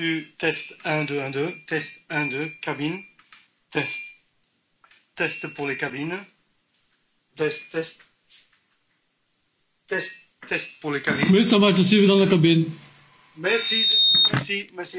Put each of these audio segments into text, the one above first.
tu test 1, 2, 1, 2, test 1, 2, cabine, test. Test pour les cabines. Test, test. Test, test pour les cabines. Oui, ça marche aussi dans la cabine. Merci, merci, merci.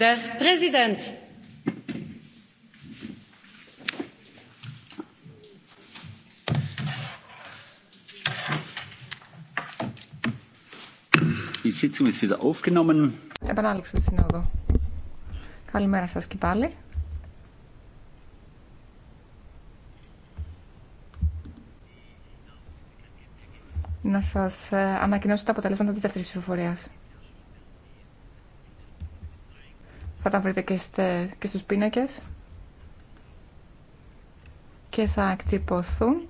der präsident! Επανάληψη τη Συνόδο. Καλημέρα σα και πάλι. Να σα ε, ανακοινώσω τα αποτελέσματα τη δεύτερη ψηφοφορίας. Θα τα βρείτε και, στε, και στους πίνακες και θα εκτυπωθούν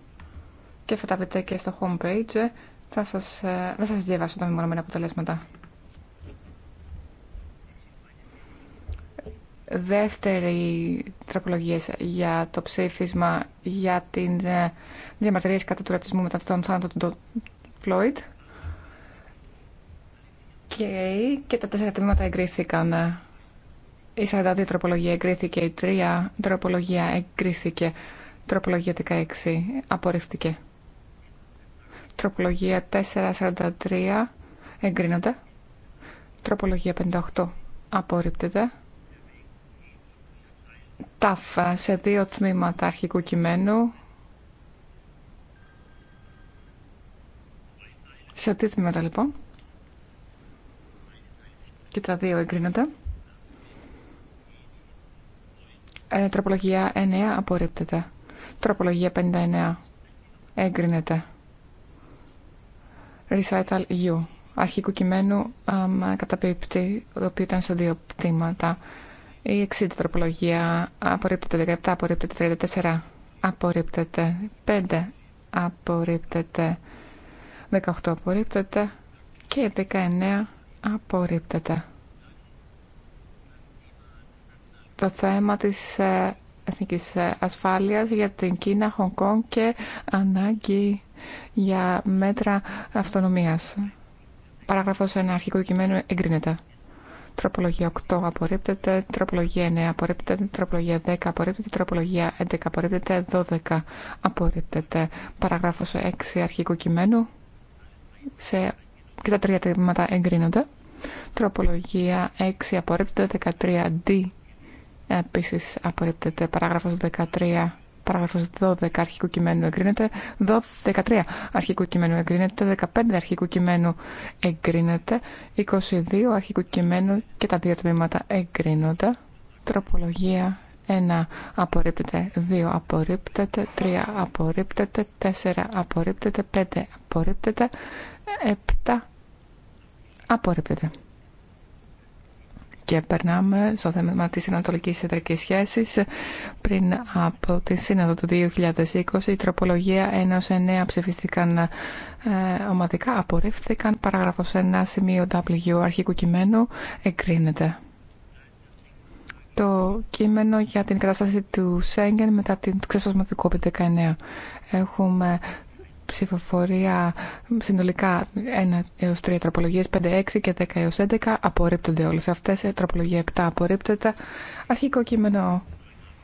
και θα τα βρείτε και στο homepage. Θα σας, ε, δεν θα σας διαβάσω τα μεμονωμένα αποτελέσματα. Δεύτερη τροπολογία για το ψήφισμα για την ε, διαμαρτυρία κατά του ρατσισμού μετά τον θάνατο του Φλόιτ. Και, και τα τέσσερα τμήματα εγκρίθηκαν. Η 42 τροπολογία εγκρίθηκε, η 3 τροπολογία εγκρίθηκε, τροπολογία 16 απορρίφθηκε. Τροπολογία 443 εγκρίνονται. Τροπολογία 58 απορρίπτεται. Τάφ σε δύο τμήματα αρχικού κειμένου. Σε τι τμήματα λοιπόν. Και τα δύο εγκρίνονται. Ε, τροπολογία 9 απορρίπτεται. Τροπολογία 59 εγκρίνεται. Recital U. Αρχικού κειμένου α, καταπίπτει, το οποίο ήταν σε δύο πτήματα. Η 60 τροπολογία απορρίπτεται, 17 απορρίπτεται, 34 απορρίπτεται, 5 απορρίπτεται, 18 απορρίπτεται και 19 απορρίπτεται. το θέμα της ε, εθνικής ε, ασφάλειας για την Κίνα, Χογκόν και ανάγκη για μέτρα αυτονομίας. Παράγραφος 1 αρχικού κειμένου εγκρίνεται. Τροπολογία 8 απορρίπτεται, τροπολογία 9 απορρίπτεται, τροπολογία 10 απορρίπτεται, τροπολογία 11 απορρίπτεται, 12 απορρίπτεται. Παράγραφος 6 αρχικού κειμένου σε... και τα τρία τμήματα εγκρίνονται. Τροπολογία 6 απορρίπτεται, 13D Επίση απορρίπτεται παράγραφος 13 παράγραφο 12 αρχικού κειμένου εγκρίνεται, 12, 13 αρχικού κειμένου εγκρίνεται, 15 αρχικού κειμένου εγκρίνεται, 22 αρχικού κειμένου και τα δύο τμήματα εγκρίνονται, τροπολογία 1 απορρίπτεται, 2 απορρίπτεται, 3 απορρίπτεται, 4 απορρίπτεται, 5 απορρίπτεται, 7 απορρίπτεται. Και περνάμε στο θέμα της Ανατολικής Ιατρικής Σχέσης. Πριν από τη Σύνοδο του 2020, η τροπολογία 1 9 ψηφίστηκαν ε, ομαδικά, απορρίφθηκαν. Παράγραφος 1, σημείο W, αρχικού κειμένου, εγκρίνεται. Το κείμενο για την κατάσταση του Σέγγεν μετά την ξέσπασμα 19 Έχουμε ψηφοφορία συνολικά 1 έως 3 τροπολογίες, 5, 6 και 10 έως 11 απορρίπτονται όλες αυτές. Η ε, τροπολογία 7 απορρίπτεται. Αρχικό κείμενο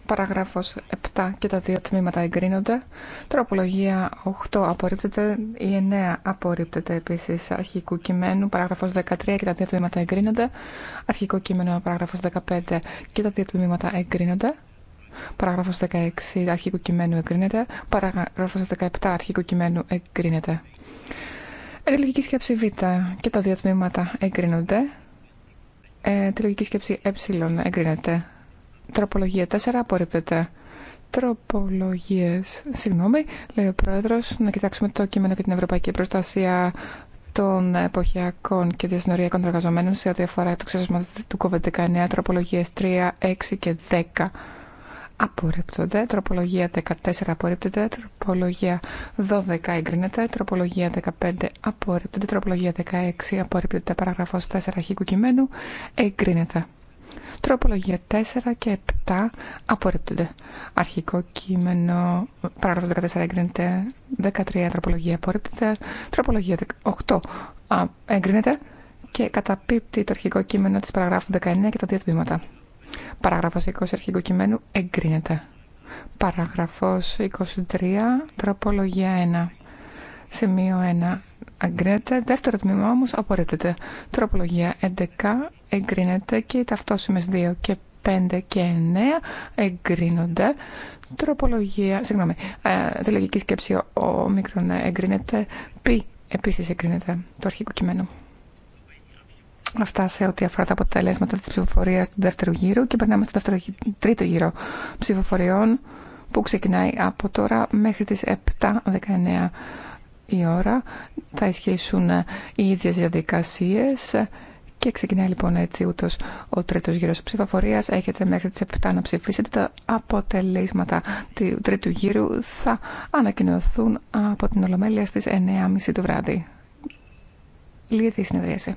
παραγράφος 7 και τα δύο τμήματα εγκρίνονται. Τροπολογία 8 απορρίπτεται. Η 9 απορρίπτεται επίσης αρχικού κειμένου. Παράγραφος 13 και τα δύο τμήματα εγκρίνονται. Αρχικό κείμενο παράγραφος 15 και τα δύο τμήματα εγκρίνονται. Παράγραφος 16 αρχικού κειμένου εγκρίνεται. Παράγραφος 17 αρχικού κειμένου εγκρίνεται. λογική σκέψη Β και τα δύο τμήματα εγκρίνονται. Ε, σκέψη Ε εγκρίνεται. Τροπολογία 4 απορρίπτεται. Τροπολογίε. Συγγνώμη, λέει ο Πρόεδρο, να κοιτάξουμε το κείμενο για την Ευρωπαϊκή Προστασία των Εποχιακών και Διασυνοριακών Εργαζομένων σε ό,τι αφορά το ξέσπασμα του COVID-19. Τροπολογίε 3, 6 και 10 απορρίπτονται. Τροπολογία 14 απορρίπτεται. Τροπολογία 12 εγκρίνεται. Τροπολογία 15 απορρίπτεται. Τροπολογία 16 απορρίπτεται. Παραγραφός 4 αρχικού κειμένου εγκρίνεται. Τροπολογία 4 και 7 απορρίπτονται. Αρχικό κείμενο, παράγραφος 14 εγκρίνεται, 13 τροπολογία απορρίπτεται, τροπολογία 8 εγκρίνεται και καταπίπτει το αρχικό κείμενο της παραγράφου 19 και τα δύο τμήματα. Παράγραφος 20 αρχικού κειμένου εγκρίνεται. Παράγραφος 23 τροπολογία 1. Σημείο 1 εγκρίνεται. Δεύτερο τμήμα όμως απορρίπτεται. Τροπολογία 11 εγκρίνεται και οι ταυτόσημες 2 και 5 και 9 εγκρίνονται. Τροπολογία, συγγνώμη, ε, λογική σκέψη ο, ο μικρόν ε, εγκρίνεται. Π επίσης εγκρίνεται το αρχικό κειμένο. Αυτά σε ό,τι αφορά τα αποτελέσματα της ψηφοφορίας του δεύτερου γύρου και περνάμε στο δεύτερο, τρίτο γύρο ψηφοφοριών που ξεκινάει από τώρα μέχρι τις 7.19 η ώρα. Θα ισχύσουν οι ίδιε διαδικασίε και ξεκινάει λοιπόν έτσι ούτως ο τρίτος γύρος ψηφοφορίας. Έχετε μέχρι τις 7 να ψηφίσετε. Τα αποτελέσματα του τρίτου γύρου θα ανακοινωθούν από την Ολομέλεια στις 9.30 το βράδυ. Λίγη τη συνεδρίαση.